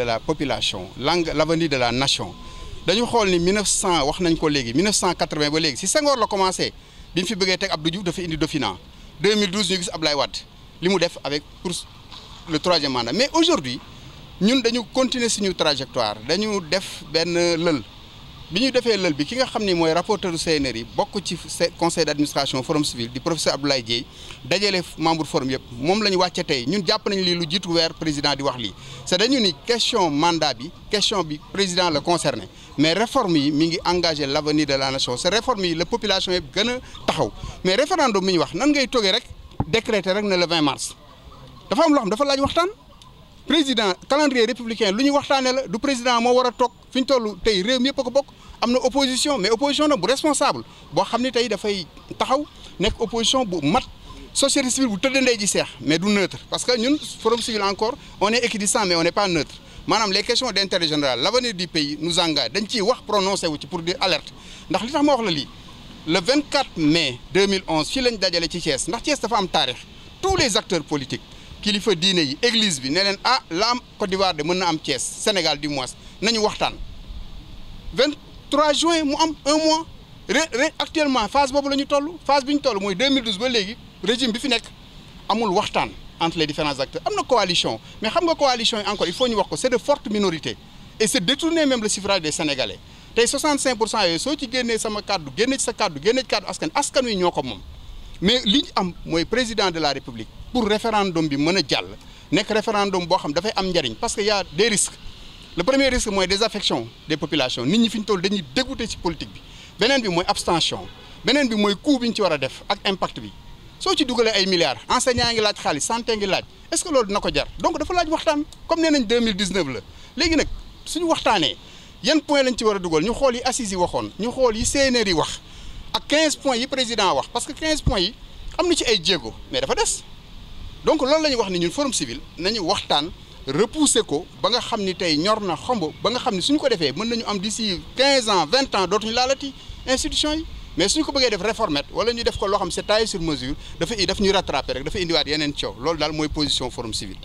de la population l'avenir de la nation dañu xool ni 1900 wax nañ ko léegi 1980 ba léegi si Senghor la commencé bi mu fi bëggee teg Abdou Diouf dafa indi Dofina 2012 ñu gis Ablaye Wade li mu def avec pour le troisième mandat mais aujourd'hui ñun dañu continuer suñu trajectoire dañu def benn lël bi ñu defee lël bi ki nga xam ni mooy rapporteur CNRI bokk ci conseil d'administration forum civil di professeur Abdoulaye Dieye dajale membre forum yëpp moom la ñu wàcce tey ñun jàpp nañu lii lu jiitu weer président di wax lii c'est dañu ni question mandat bi question bi président la concerné mais réforme yi mi ngi engagé l'avenir de la nation c'est réforme yi la population yëpp gën a taxaw mais référendum mi ñu wax nan ngay toggee rek décréter rek ne le 20 mars dafa am loo xam dafa laaj président calendrier républicain lu ñu waxtaanee la du président moo war a toog fi ñu toll tey réew mi yëpp a ko am na opposition mais opposition nag bu responsable boo xam ne tey dafay taxaw nekk opposition bu mat société civile bu tëdd ndey seex mais du neutre parce que ñun forum civil encore on est équidistant mais on n'est pas neutre maanaam les questions d'intérêt général l'avenir du pays nous engage dañ ciy wax prononcé wu ci pour di alerte ndax li tax ma wax la lii le 24 mai 2011 fii lañ dajale ci Thiès ndax Thiès dafa am taarix les acteurs politiques kilifa diine yi église bi ne leen ah la am Côte d'Ivoire de mën na am Thiès Sénégal du moins nañu waxtaan 23 mu am un mois re re actuellement boobu la ñu toll phase bi ñu toll mooy 2012 ba léegi régime bi fi nekk amul waxtaan entre les différents am na coalition mais xam nga coalition yi encore il faut ñu wax ko c'est de forte minorité et c'est détourner même le suffrage des Sénégalais tey 65 pour cent yooyu soo ci génnee sama kàddu génne ci sa kàddu génne ci askan wi ñoo ko moom mais li ñu am mooy président de la république pour référendum bi mën a jàll nekk référendum boo xam dafay am njariñ parce que y a des risques le premier risque mooy désaffection des populations nit ñi fiñ ñu dañuy dégoûté ci politique bi beneen bi mooy abstention beneen bi mooy coût bi ñu ci war a def ak impact bi soo ci dugalee ay milliards enseignants ngi laaj xaalis santé ngi laaj est-ce que loolu dina ko jar donc dafa laaj waxtaan comme nee nañ 2019 la nag suñu waxtaanee yan point lañ ci war a dugal ñu xool yi assises yi waxoon ñu xool yi CNR yi wax ak 15 points yi président wax parce que 15 points yi am na ci ay jéego mais dafa des donc loolu la ñuy wax ni ñun forum civil nañu waxtaan repousser ko ba nga xam ni tey ñor na xomb ba nga xam ni ñu ko defee mën nañu am d'ici 15 ans 20 ans dootuñu laalati institution yi mais suñu ko bëggee def réformette wala ñu def ko loo xam c'est taillé sur mesure dafa daf ñuy rattraper rek dafa indiwaat yeneen coow loolu daal mooy position forum civil.